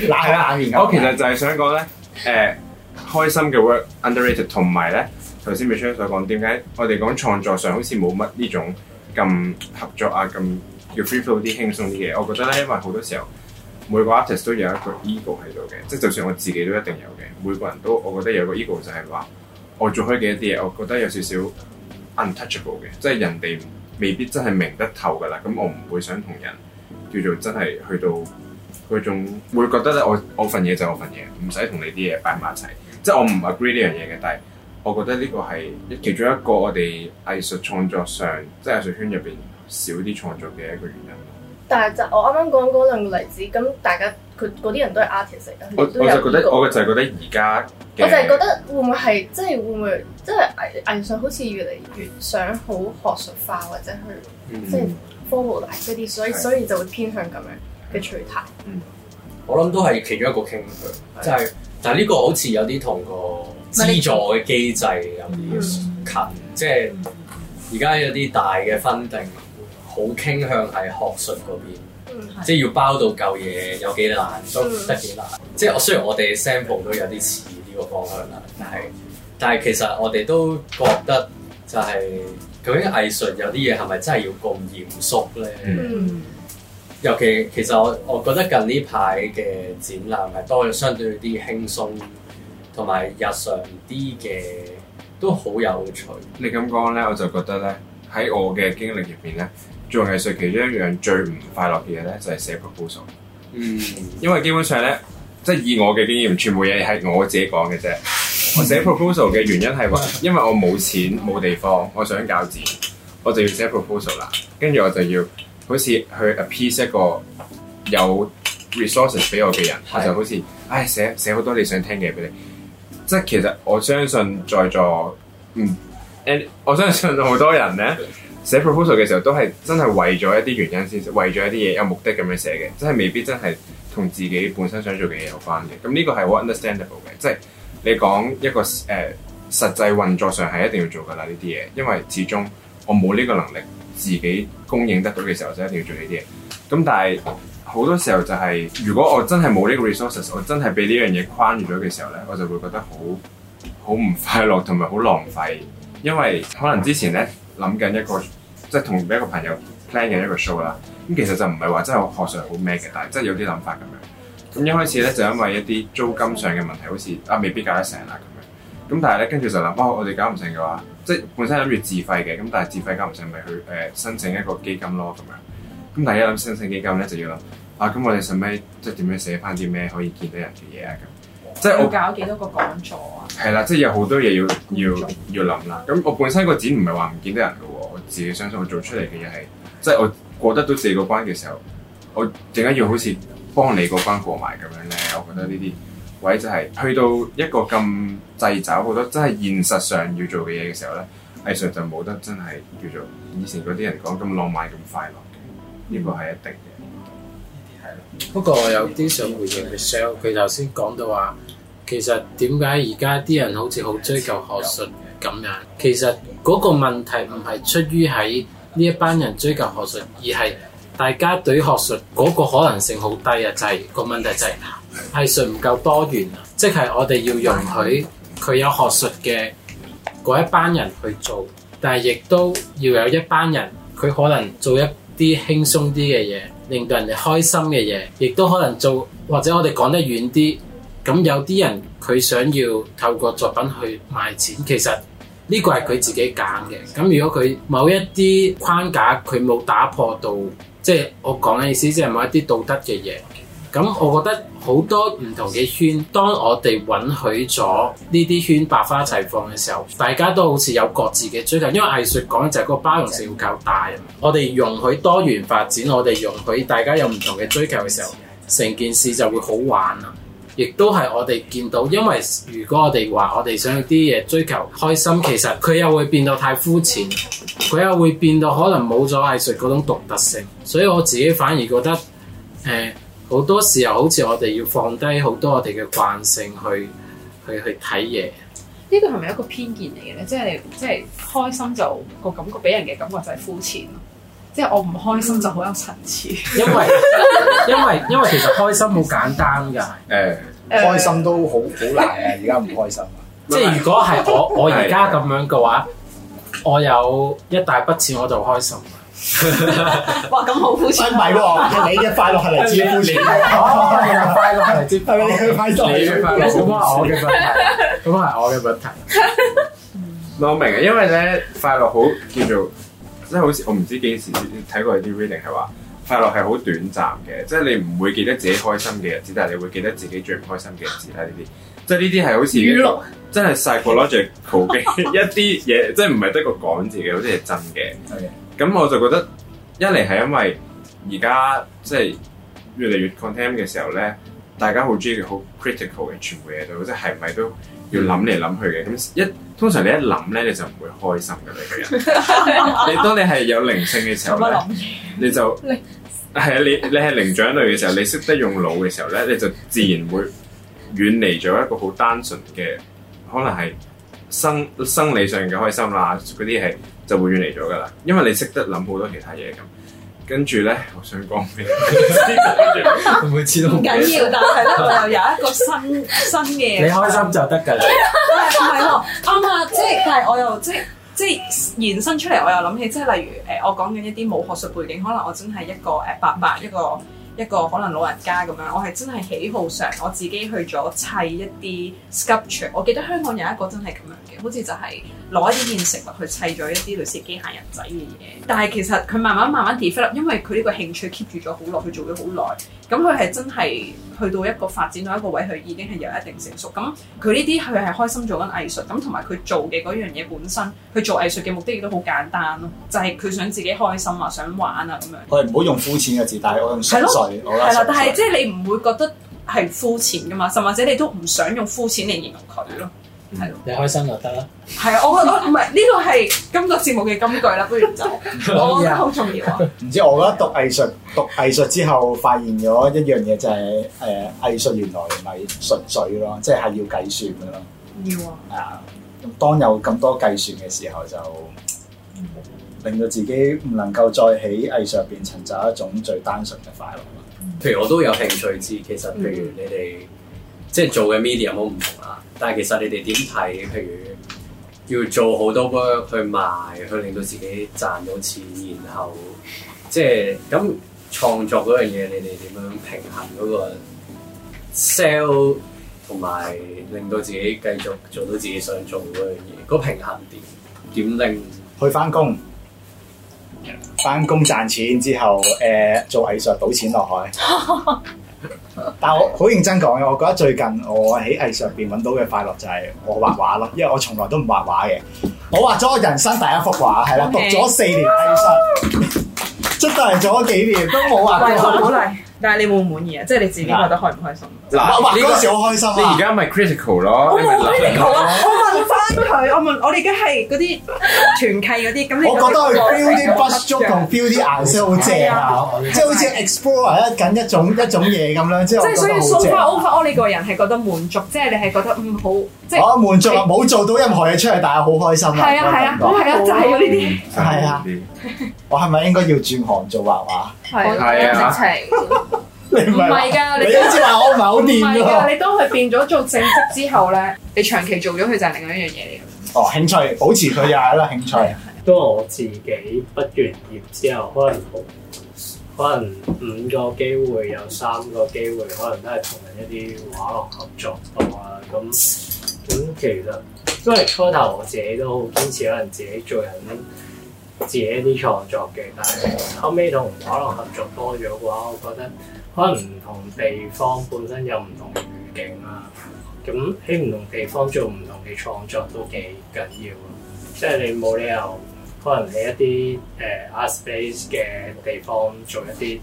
嗱，係冷面。我其實就係想講咧，誒、呃，開心嘅 work underrated 同埋咧。頭先美超所講，點解我哋講創作上好似冇乜呢種咁合作啊，咁叫 free flow 啲輕鬆啲嘅？我覺得咧，因為好多時候每個 artist 都有一個 ego 喺度嘅，即係就算我自己都一定有嘅。每個人都我覺得有個 ego 就係話我做開嘅一啲嘢，我覺得有少少 untouchable 嘅，即係人哋未必真係明得透噶啦。咁我唔會想同人叫做真係去到嗰種會覺得咧，我我份嘢就我份嘢，唔使同你啲嘢擺埋一齊。即係我唔 agree 呢樣嘢嘅，但係。我覺得呢個係其中一個我哋藝術創作上，即、就、係、是、藝術圈入邊少啲創作嘅一個原因。但係就我啱啱講嗰兩個例子，咁大家佢嗰啲人都係 artist 嚟。我，他都 我就覺得、這個、我嘅就係覺得而家我就係覺得會唔、就是、會係即係會唔會即係藝術好似越嚟越想好學術化或者去即係科 o r 嗰啲，所以的所以就會偏向咁樣嘅取態。嗯、我諗都係其中一個傾向，就係、是、的但係呢個好似有啲同個。資助嘅機制有啲近，嗯、即係而家有啲大嘅 funding，好傾向係學術嗰邊，嗯、即係要包到舊嘢，有幾難都得幾難。難、嗯、即係我雖然我哋 sample 都有啲似呢個方向啦，但係但係其實我哋都覺得就係究竟藝術有啲嘢係咪真係要咁嚴肅咧？嗯、尤其其實我我覺得近呢排嘅展覽係多咗相對啲輕鬆。同埋日常啲嘅都好有趣。你咁講咧，我就覺得咧喺我嘅經歷入邊咧做藝術其中一樣最唔快樂嘅嘢咧就係、是、寫 proposal。嗯，因為基本上咧即係以我嘅經驗，全部嘢係我自己講嘅啫。嗯、我寫 proposal 嘅原因係話，因為我冇錢冇地方，我想搞展，我就要寫 proposal 啦。跟住我就要好似去 appease 一個有 resources 俾我嘅人，我的就好似唉、哎、寫寫好多你想聽嘅嘢俾你。即係其實我相信在座，嗯，誒，我相信好多人咧寫 proposal 嘅時候都係真係為咗一啲原因先，為咗一啲嘢有目的咁樣寫嘅，即係未必真係同自己本身想做嘅嘢有關嘅。咁呢個係我 understandable 嘅，即係你講一個誒、呃、實際運作上係一定要做㗎啦呢啲嘢，因為始終我冇呢個能力自己供應得到嘅時候就一定要做呢啲嘢。咁但係。好多時候就係、是，如果我真係冇呢個 resources，我真係畀呢樣嘢框住咗嘅時候咧，我就會覺得好好唔快樂同埋好浪費。因為可能之前咧諗緊一個，即係同一個朋友 plan 緊一個 show 啦。咁其實就唔係話真係我學術好咩嘅，但係真係有啲諗法咁樣。咁一開始咧就因為一啲租金上嘅問題，好似啊未必搞得成啦咁樣。咁但係咧跟住就諗、啊，我我哋搞唔成嘅話，即係本身諗住自費嘅，咁但係自費搞唔成，咪、就是、去誒、呃、申請一個基金咯咁樣。咁第一諗申請基金咧，就要啊！咁我哋使咪，即係點樣寫翻啲咩可以見到人嘅嘢啊？咁即係我搞幾多個講座啊？係啦，即係有好多嘢要要要諗啦。咁我本身個展唔係話唔見得人嘅喎，我自己相信我做出嚟嘅嘢係即係我過得到自己個關嘅時候，我點解要好似幫你嗰關過埋咁樣咧？我覺得呢啲位就係、是、去到一個咁滯找好多，真係現實上要做嘅嘢嘅時候咧，藝術就冇得真係叫做以前嗰啲人講咁浪漫咁快樂。呢個係一定嘅，不過我有啲想回應 m i 佢頭先講到話，其實點解而家啲人好似好追求學術咁樣？其實嗰個問題唔係出於喺呢一班人追求學術，而係大家對學術嗰個可能性好低啊。就係、是、個問題就係藝術唔夠多元啊，即係我哋要容許佢有學術嘅嗰一班人去做，但係亦都要有一班人佢可能做一啲輕鬆啲嘅嘢，令到人哋開心嘅嘢，亦都可能做，或者我哋講得遠啲，咁有啲人佢想要透過作品去賣錢，其實呢個係佢自己揀嘅。咁如果佢某一啲框架佢冇打破到，即係我講嘅意思，即係某一啲道德嘅嘢。咁我覺得好多唔同嘅圈，當我哋允許咗呢啲圈百花齊放嘅時候，大家都好似有各自嘅追求，因為藝術講就係個包容性要較大。我哋容許多元發展，我哋容許大家有唔同嘅追求嘅時候，成件事就會好玩啊！亦都係我哋見到，因為如果我哋話我哋想要啲嘢追求開心，其實佢又會變到太膚淺，佢又會變到可能冇咗藝術嗰種獨特性。所以我自己反而覺得，誒、呃。好多時候，好似我哋要放低好多我哋嘅慣性去去去睇嘢。呢個係咪一個偏見嚟嘅咧？即係你即係開心就個感覺，俾人嘅感覺就係膚淺，即係我唔開心就好有層次。 因為因為因為其實開心好簡單㗎。誒， 開心都好好難啊！而家唔開心啊。 即係如果係我我而家咁樣嘅話， 我有一大筆錢我就開心。哇，咁好膚淺！快樂係你嘅，快樂係嚟自你嘅快樂係嚟自係咪你嘅快樂咁啊，我嘅問題咁係我嘅問題。我明啊，因為咧快樂好叫做即係，好似我唔知幾時睇過啲 reading 係話，快樂係好短暫嘅，即係你唔會記得自己開心嘅日子，但係你會記得自己最唔開心嘅日子啦。呢啲，即係呢啲係好似真係 scientific 嘅一啲嘢，即係唔係得個講字嘅，好似係真嘅。咁我就覺得一嚟係因為而家即係越嚟越 content 嘅時候咧，大家好中意好 critical 嘅全部嘢都，即係係咪都要諗嚟諗去嘅？咁一通常你一諗咧，你就唔會開心嘅你個人。 你當你係有靈性嘅時，時候，你你就係啊！你你係靈長類嘅時候，你識得用腦嘅時候咧，你就自然會遠離咗一個好單純嘅，可能係生生理上嘅開心啦，嗰啲係。就會遠離咗噶啦，因為你識得諗好多其他嘢咁，跟住咧，我想講咩？唔 會知道。唔緊要，但係咧，我又有一個新新嘅。你開心就得㗎啦。唔係喎，啱啊！即係，但係我又即係即係延伸出嚟，我又諗起，即係例如誒，我講緊一啲冇學術背景，可能我真係一個誒伯伯一個。一個可能老人家咁樣，我係真係喜好上我自己去咗砌一啲 sculpture。我記得香港有一個真係咁樣嘅，好似就係攞一啲現成物去砌咗一啲類似機械人仔嘅嘢。但係其實佢慢慢慢慢 develop，因為佢呢個興趣 keep 住咗好耐，佢做咗好耐。咁佢係真係去到一個發展到一個位，佢已經係有一定成熟。咁佢呢啲佢係開心做緊藝術，咁同埋佢做嘅嗰樣嘢本身，佢做藝術嘅目的亦都好簡單咯，就係、是、佢想自己開心啊，想玩啊咁樣。我唔好用膚淺嘅字，但係我用純粹。係啦咯，但係即係你唔會覺得係膚淺噶嘛，甚或者你都唔想用膚淺嚟形容佢咯。係你開心就得啦。係啊，我我唔係呢個係今個節目嘅金句啦，不如就， 我覺得好重要啊。唔 知我覺得讀藝術， 讀藝術之後發現咗一樣嘢就係、是，誒、呃、藝術原來咪純粹咯，即係要計算噶咯。要啊。啊，當有咁多計算嘅時候，就令到自己唔能夠再喺藝術入邊尋找一種最單純嘅快樂譬、嗯、如我都有興趣知，其實譬如你哋、嗯。即係做嘅 media 有冇唔同啊？但係其實你哋點睇？譬如要做好多 work 去賣，去令到自己賺到錢，然後即係咁創作嗰樣嘢，你哋點樣平衡嗰個 sell 同埋令到自己繼續做到自己想做嗰樣嘢？嗰個平衡點點令去返工，返工賺錢之後，誒、呃、做藝術倒錢落去。 但係我好認真講嘅，我覺得最近我喺藝術入邊揾到嘅快樂就係我畫畫咯，因為我從來都唔畫畫嘅。我畫咗人生第一幅畫，係啦、嗯啊，讀咗四年藝術，哇出到嚟咗幾年都冇畫過。鼓但係你會唔滿意啊？即係你自己覺得開唔開心？我畫嗰時好開心！你而家咪 critical 咯？我冇我哋而家係嗰啲團契嗰啲，咁我覺得佢 build 啲筆觸同 build 啲顏色好正啊，即係好似 explore 緊一種一種嘢咁啦。即係所以 super over all 呢個人係覺得滿足，即係你係覺得唔好即係好滿足，冇做到任何嘢出嚟，但係好開心。係啊係啊，係啊就係要呢啲。係啊，我係咪應該要轉行做畫畫？係啊，直情你唔係㗎，你先至話我唔係好掂㗎。你當佢變咗做正職之後咧，你長期做咗佢就係另外一樣嘢嚟。哦，興趣保持佢又係一個興趣。都我自己畢完業之後，可能好，可能五個機會有三個機會，可能都係同一啲畫廊合作多啦。咁咁其實因為初頭我自己都好堅持，可能自己做緊自己一啲創作嘅。但係後尾同畫廊合作多咗嘅話，我覺得可能唔同地方本身有唔同嘅語境啦、啊。咁喺唔同地方做唔同嘅創作都幾緊要咯，即係你冇理由可能喺一啲誒 Art Space 嘅地方做一啲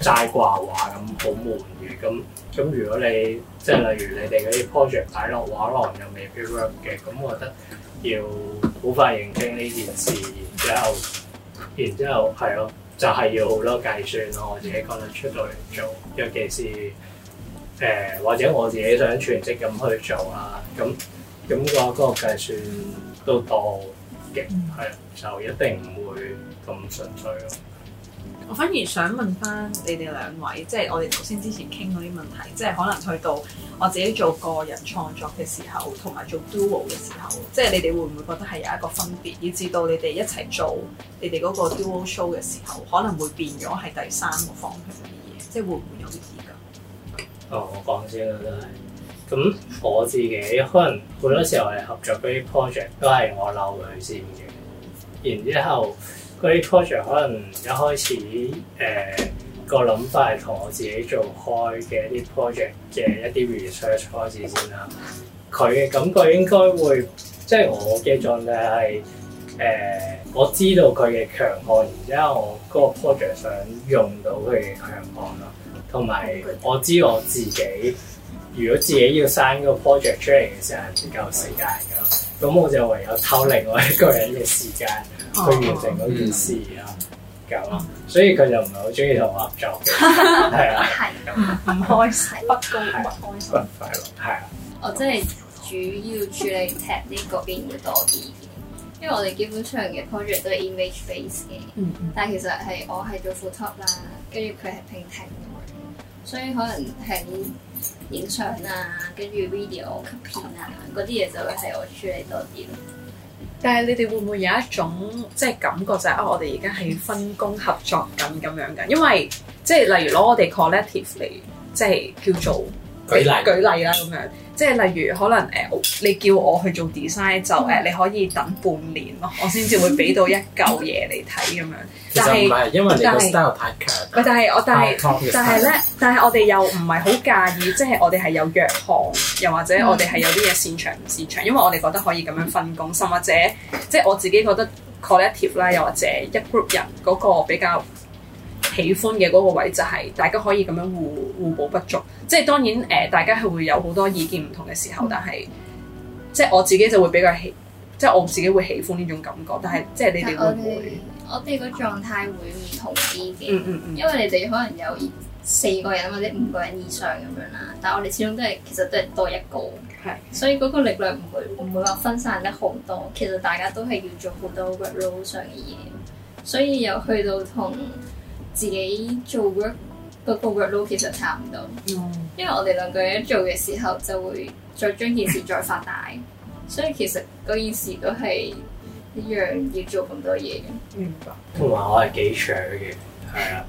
齋掛畫咁好悶嘅，咁、嗯、咁如果你即係例如你哋嗰啲 project 擺落畫廊又未必 work 嘅，咁我覺得要好快認清呢件事，然之後，然之後係咯，就係、是、要好多計算咯，我自己覺得出到嚟做，尤其是。誒或者我自己想全職咁去做啊，咁咁個個計算都多極，係、嗯、就一定唔會咁純粹咯。我反而想問翻你哋兩位，即係我哋頭先之前傾到啲問題，即係可能去到我自己做個人創作嘅時候，同埋做 Duo 嘅時候，即係你哋會唔會覺得係有一個分別？以至到你哋一齊做你哋嗰個 Duo Show 嘅時候，可能會變咗係第三個方向嘅嘢，即係會唔會有啲嘅？哦、我講先啦，都係咁我自己，可能好多時候係合作嗰啲 project 都係我留佢先嘅。然之後嗰啲 project 可能一開始誒、呃、個諗法係同我自己做開嘅一啲 project 嘅一啲 research 開始先啦。佢嘅感覺應該會即係我嘅狀態係誒，我知道佢嘅強項，然之後我嗰個 project 想用到佢嘅強項咯。同埋我知我自己，如果自己要生 i 個 project 出嚟嘅時候唔夠時間嘅，咁我就唯有偷另外一個人嘅時間去完成嗰件事啊，咁、哦、所以佢就唔係好中意同我合作嘅，係、嗯、啊哈哈 的，唔開心，不公，唔開心，快樂，係啊。的我真係主要處理 tech 呢嗰邊會多啲，因為我哋基本上嘅 project 都 image base 嘅，但係其實係我係做 photo 啦，跟住佢係 painting。所以可能喺影相啊，跟住 video cut 片啊，嗰啲嘢就會係我處理多啲咯。但係你哋會唔會有一種即係、就是、感覺就係啊，我哋而家係分工合作緊咁樣嘅？因為即係、就是、例如攞我哋 collective 嚟即係、就是、叫做。舉例舉例啦咁樣，即係例如可能誒、呃，你叫我去做 design 就誒，嗯、你可以等半年咯，我先至會俾到一嚿嘢你睇咁樣。其實唔係，但係，因為你個 style 太強，咪就係我，但係但係咧，但係我哋又唔係好介意，即係我哋係有弱項，又或者我哋係有啲嘢擅長唔擅長，嗯、因為我哋覺得可以咁樣分工，甚至，即係我自己覺得 collective 啦，又或者一 group 人嗰個比較。喜歡嘅嗰個位就係大家可以咁樣互互補不足，即係當然誒、呃，大家係會有好多意見唔同嘅時候，嗯、但係即係我自己就會比較喜，即係我自己會喜歡呢種感覺。但係即係你哋會唔會？我哋個狀態會唔同啲嘅，嗯嗯嗯、因為你哋可能有四個人或者五個人以上咁樣啦，但係我哋始終都係其實都係多一個，係、嗯，所以嗰個力量唔會唔會話分散得好多。其實大家都係要做好多 road 上嘅嘢，所以又去到同。自己做 work 個個 work load 其實差唔多，因為我哋兩個一做嘅時候就會再將件事再發大，所以其實嗰件事都係一樣要做咁多嘢嘅、嗯。嗯，同埋我係幾長嘅，係啊，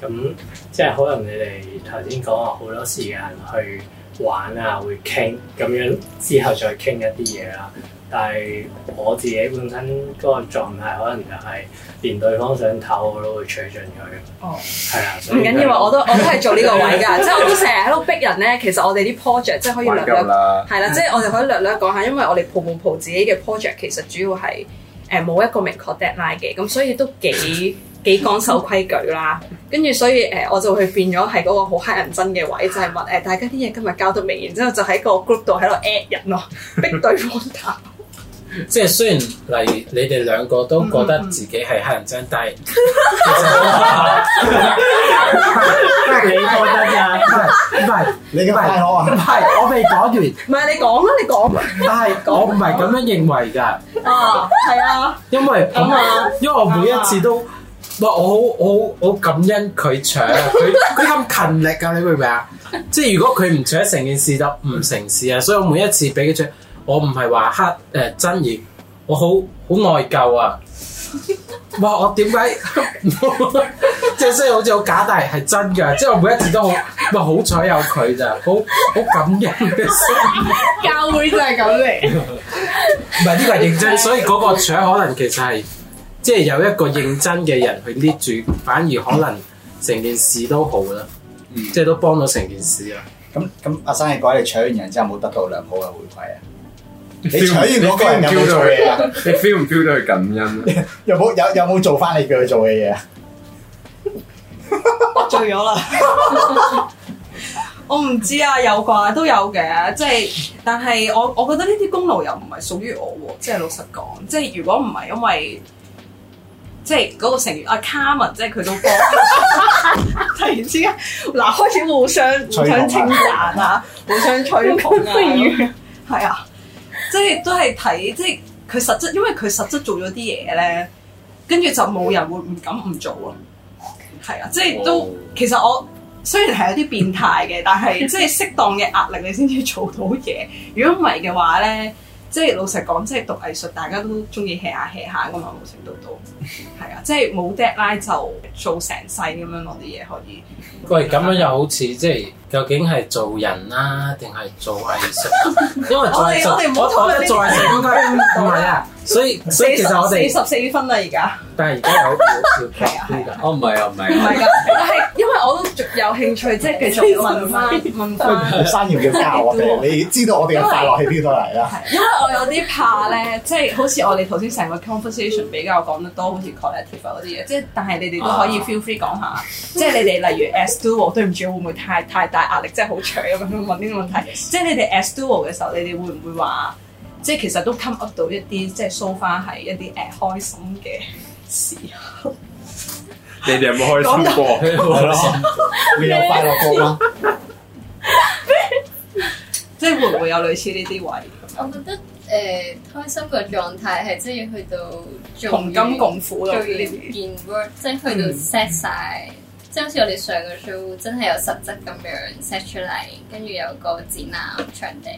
咁即係可能你哋頭先講話好多時間去玩啊，會傾咁樣之後再傾一啲嘢啦。但係我自己本身嗰個狀態，可能就係連對方想唞我都會追進去。哦，係啦，唔緊要啊！我都 我都係做呢個位㗎，即係我都成日喺度逼人咧。其實我哋啲 project 即係可以略略係啦，即係、 就是、我哋可以略略講下，因為我哋鋪鋪鋪自己嘅 project，其實主要係誒冇一個明確 deadline 嘅，咁所以都幾幾講守規矩啦。跟住 所以誒，我就去變咗係嗰個好乞人憎嘅位，就係問誒大家啲嘢今日交到未？然之後就喺個 group 度喺度 at 人咯，逼對方答。 即係雖然例如你哋兩個都覺得自己係乞人憎。嗯、但係其實怕 你覺得嘅唔係你嘅太好啊？唔係我未講完，唔係你講啦，你講。唔係我唔係咁樣認為噶。哦的，係啊。因為咁啊，因為我每一次都唔、啊、我好我好我感恩佢搶，佢佢咁勤力噶，你明唔明啊？即係如果佢唔搶，成件事就唔成事啊！所以我每一次俾佢搶。我唔係話黑誒、呃、真嘢，我好好內疚啊！哇，我點解即係雖然好似好假，但係係真嘅，即係我每一次都哇好，咪好彩有佢咋，好好感人嘅事。教會就係咁嚟，唔係呢個係認真，所以嗰個搶可能其實係即係有一個認真嘅人去捏住，反而可能成件事都好啦，嗯、即係都幫到成件事啦。咁咁、嗯，阿生嘅話，你搶完人之後冇得到良好嘅回饋啊？你採完嗰個人有冇做嘢啊？你 feel 唔 feel 到佢 感，感恩有冇有有冇做翻你叫佢做嘅嘢啊？ 醉咗了啦！ 我唔知啊，有啩都有嘅，即係但係我我覺得呢啲功勞又唔係屬於我喎。即係老實講，即係如果唔係因為即係嗰個成員阿、啊、Carmen，即係佢都幫。 突然之間嗱，開始互相互相稱讚啊，互相吹捧啊，係啊。 啊即係都係睇，即係佢實質，因為佢實質做咗啲嘢咧，跟住就冇人會唔敢唔做咯。係啊，即係都其實我雖然係有啲變態嘅，但係即係適當嘅壓力你先至做到嘢。如果唔係嘅話咧，即係老實講，即係讀藝術大家都鍾意 hea 下 hea 下㗎嘛，無成度都，係啊，即係冇 deadline 就做成世咁樣落啲嘢可以。喂，咁樣又好似即係。就是究竟係做人啦，定係做藝術？因為做我我覺得做藝術應該唔係啊！所以所以其實我哋四十四分啦，而家，但係而家有少少呢個哦，唔係啊唔係唔係㗎！但係因為我都仲有興趣，即係繼續問返問返。山要加油啊！你知道我哋嘅快樂喺邊度嚟啦。因為我有啲怕咧，即係好似我哋頭先成個 conversation 比較講得多，好似 collective 嗰啲嘢，即係但係你哋都可以 feel free 講下，即係你哋例如 as do 我對唔住會唔會太太？大壓力真係好長咁樣問呢個問題，即係你哋 as duo 嘅時候，你哋會唔會話，即係其實都 come up 到一啲，即係 so far 係一啲誒開心嘅時候。你哋有冇開心過？係咯， 會有快樂過嗎？ 即係會唔會有類似呢啲位？我覺得誒、呃、開心嘅狀態係需要去到同甘共苦，最見 work，即係去到 set 晒、嗯。即係好似我哋上個 show，真係有實質咁樣 set 出嚟，跟住有個展覽場地，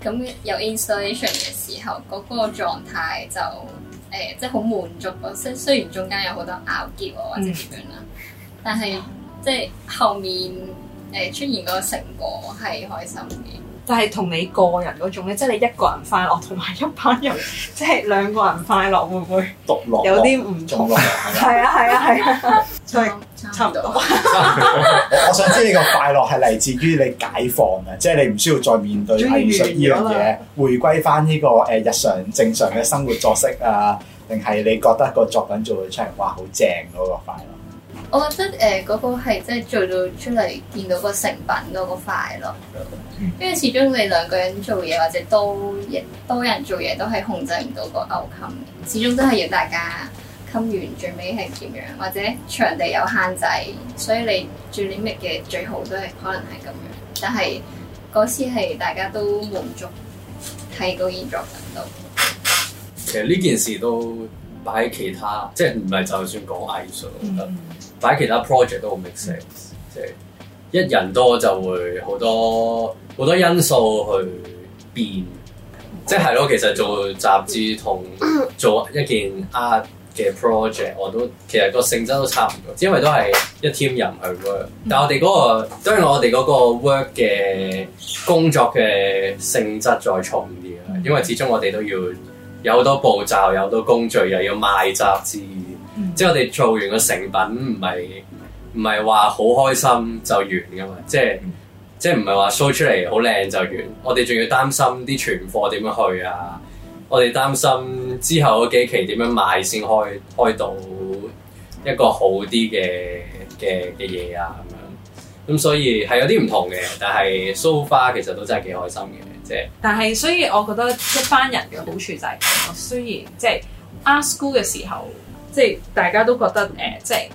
咁有 installation 嘅時候，嗰、那個狀態就誒、欸，即係好滿足。個雖雖然中間有好多拗撬或者點樣啦，嗯、但係即係後面誒、欸、出現個成果係開心嘅。但係同你個人嗰種咧，即係你一個人快樂，同埋一班人即係兩個人快樂，會唔會獨樂有啲唔同？係啊係啊係啊，所以。 差唔多。 我想知你個快樂係嚟自於你解放啊，即係你唔需要再面對藝術呢樣嘢，回歸翻呢個誒日常正常嘅生活作息啊，定係你覺得個作品做到出嚟，哇，好正嗰個快樂。我覺得誒，嗰個係即係做到出嚟見到個成品嗰個快樂。因為始終你兩個人做嘢或者多人多人做嘢都係控制唔到個 outcome 始終都係要大家。冚完最尾係點樣，或者場地有限制，所以你做 limit 嘅最好都係可能係咁樣。但係嗰次係大家都滿足睇高現作程度。其實呢件事都擺喺其他，即係唔係就算講藝術，我覺得擺、mm hmm. 其他 project 都好 make sense，即係、mm hmm. 一人多就會好多好多因素去變，即係係咯。其實做雜誌同、mm hmm. 做一件啊～嘅 project 我都其實個性質都差唔多，因為都係一 team 人去 work 但、那個。但係我哋嗰個當然我哋嗰個 work 嘅工作嘅性質再重啲啦，因為始終我哋都要有好多步驟，有好多工序，又要賣雜誌。嗯、即係我哋做完個成品唔係唔係話好開心就完㗎嘛，即係即係唔係話 show 出嚟好靚就完。我哋仲要擔心啲存貨點樣去啊？我哋擔心之後嗰幾期點樣賣先開開到一個好啲嘅嘅嘅嘢啊咁樣，咁所以係有啲唔同嘅，但係 So far 其實都真係幾開心嘅，即係。但係所以我覺得一班人嘅好處就係，我雖然即係 Art School 嘅時候，即係大家都覺得誒，即係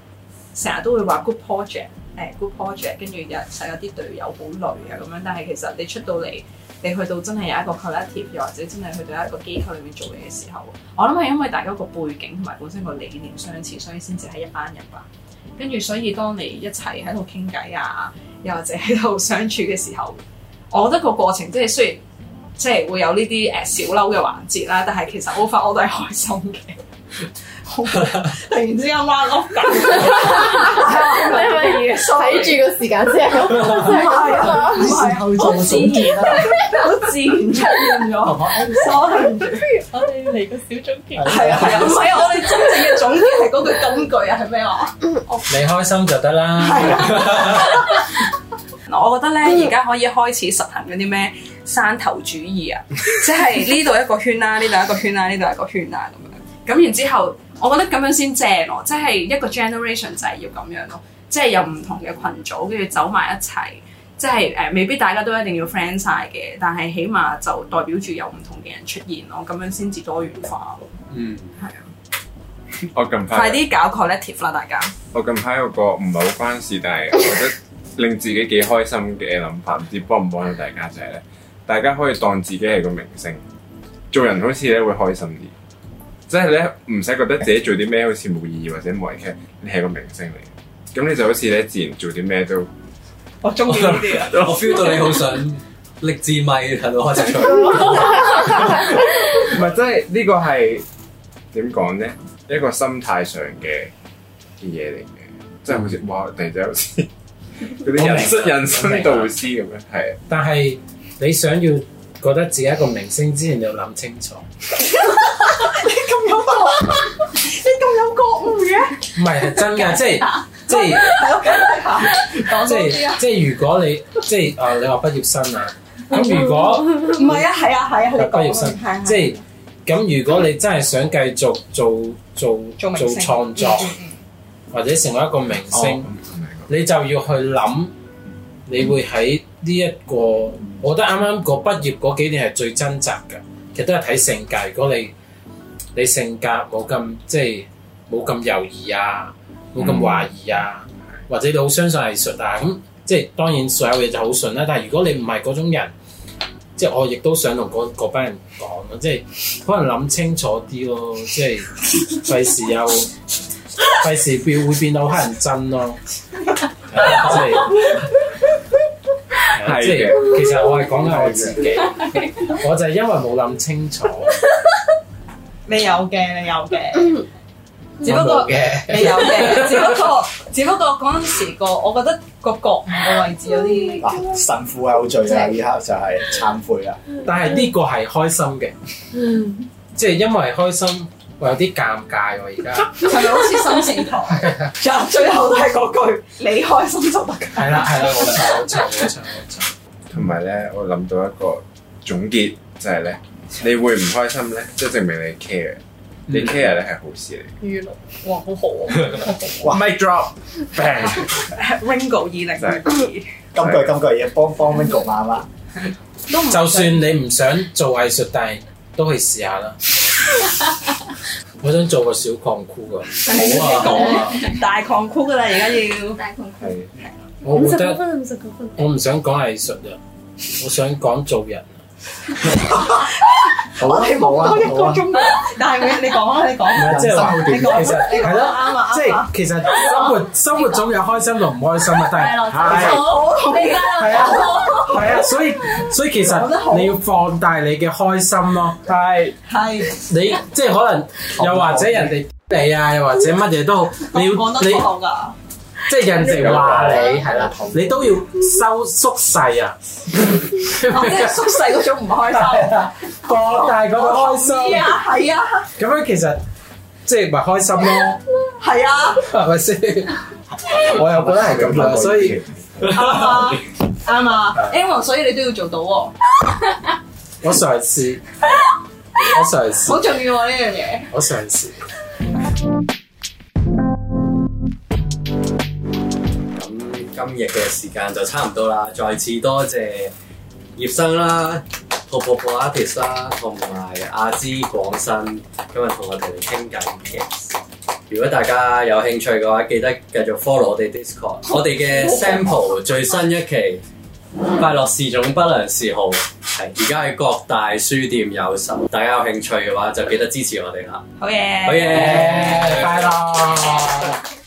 成日都會話 good project。誒 good project，跟住有成有啲隊友好累啊咁樣，但係其實你出到嚟，你去到真係有一個 collective，又或者真係去到一個機構裡面做嘢嘅時候，我諗係因為大家個背景同埋本身個理念相似，所以先至係一班人吧。跟住所以當你一齊喺度傾偈啊，又或者喺度相處嘅時候，我覺得個過程即係雖然即係會有呢啲誒小嬲嘅環節啦，但係其實我發我都係開心嘅。 突然之間彎碌緊，你咪睇住個時間先。係好自然，好自然出現咗。我哋嚟個小總結係啊係啊，唔係啊，我哋真正嘅總結係嗰句金句啊，係咩話？你開心就得啦。嗱，我覺得咧，而家可以開始實行嗰啲咩山頭主義啊，即係呢度一個圈啦，呢度一個圈啦，呢度一個圈啦，咁樣咁，然之後。我覺得咁樣先正咯，即係一個 generation 就係要咁樣咯，即係有唔同嘅群組，跟住走埋一齊，即係誒，未必大家都一定要 friend 晒嘅，但係起碼就代表住有唔同嘅人出現咯，咁樣先至多元化咯。嗯，係啊，我近更快啲 搞 collective 啦，大家。我近排有個唔係好關事，但係我覺得令自己幾開心嘅諗法，唔 知幫唔幫到大家仔咧、就係，大家可以當自己係個明星，做人好似咧會開心啲。即係咧，唔使覺得自己做啲咩好似冇意義，或者冇人 care 你，係個明星嚟嘅。咁你就好似咧，自然做啲咩都，我中意啲，我 feel 到你好想力志，咪喺度開始，唔係，Hello, 即係呢個係點講咧？一個心態上嘅嘅嘢嚟嘅，嗯、即係好似哇，突然之間好似嗰啲人生人生導師咁啊！係、嗯，但係你想要。覺得自己一個明星之前要諗清楚，你咁有覺，你咁有覺悟嘅？唔係係真㗎，即係即係，即係，即係如果你即係啊，你話畢業生啊，咁如果唔係啊，係啊，係啊，畢業生，即係咁，如果你真係想繼續做做做做創作，或者成為一個明星，你就要去諗，你會喺。呢一，這個，我覺得啱啱個畢業嗰幾年係最掙扎嘅，其實都係睇性格。如果你你性格冇咁即係冇咁猶豫啊，冇咁懷疑啊，嗯、或者你好相信藝術啊，咁、嗯、即係當然所有嘢就好順啦。但係如果你唔係嗰種人，即係我亦都想同嗰班人講，即係可能諗清楚啲咯，即係費事又費事變會變到黑人憎咯，啊 啊，即係。係，即係，其實我係講緊我自己， 我就係因為冇諗清楚。你有嘅，你有嘅，嗯、只不過嘅，有 你有嘅，只不過，只不過嗰陣時個，我覺得個覺悟嘅位置有啲。神父係好罪啊，而家是 就係懺悔啦。但係呢個係開心嘅，嗯，即係因為開心。我有啲尷尬，我而家係咪好似心情堂？然後最後都係嗰句：你開心就得㗎。係啦，係啦，好唱，好唱，好唱，好唱。同埋咧，我諗到一個總結就係咧，你會唔開心咧，即係證明你 care，你 care 咧係好事嚟。娛樂哇，好好啊！mic drop bang，Ringo 二零二二。咁句咁句嘢，幫幫 Ringo 媽媽。就算你唔想做藝術，但係都可以試下啦。我想做個小礦窟噶，唔好啊！大礦窟噶啦，而家要大礦我五十九分，五十九分。我唔想講藝術啊，我想講做人。好我哋啊，冇多一個鐘，但係你講，你講，即係好點？其實係咯，啱啊，即係其實生活生活總有開心同唔開心啊，但係係好，係啊。係啊，所以所以其實你要放大你嘅開心咯，係係你即係可能又或者人哋你啊，又或者乜嘢都好，你要講得你㗎，即係人哋話你係啦，你都要收縮細啊，即係縮細嗰種唔開心，放大嗰個開心，係啊，咁樣其實即係咪開心咯？係啊，係咪先？我又覺得係咁樣，所以。啱嘛，啱嘛，Emma，所以你都要做到喎、哦。 我嘗試，我嘗試，好重要呢樣嘢。 我嘗嘗試。咁 今日嘅時間就差唔多啦，再次多謝葉生啦、Popo Artist 啦、啊，同埋阿芝廣新今日同我哋嚟傾偈。如果大家有興趣嘅話，記得繼續 follow 我哋 Discord。我哋嘅 sample 最新一期《快樂是種不良嗜好》，係而家喺各大書店有售。大家有興趣嘅話，就記得支持我哋啦。好嘢！好嘢！快樂。 樂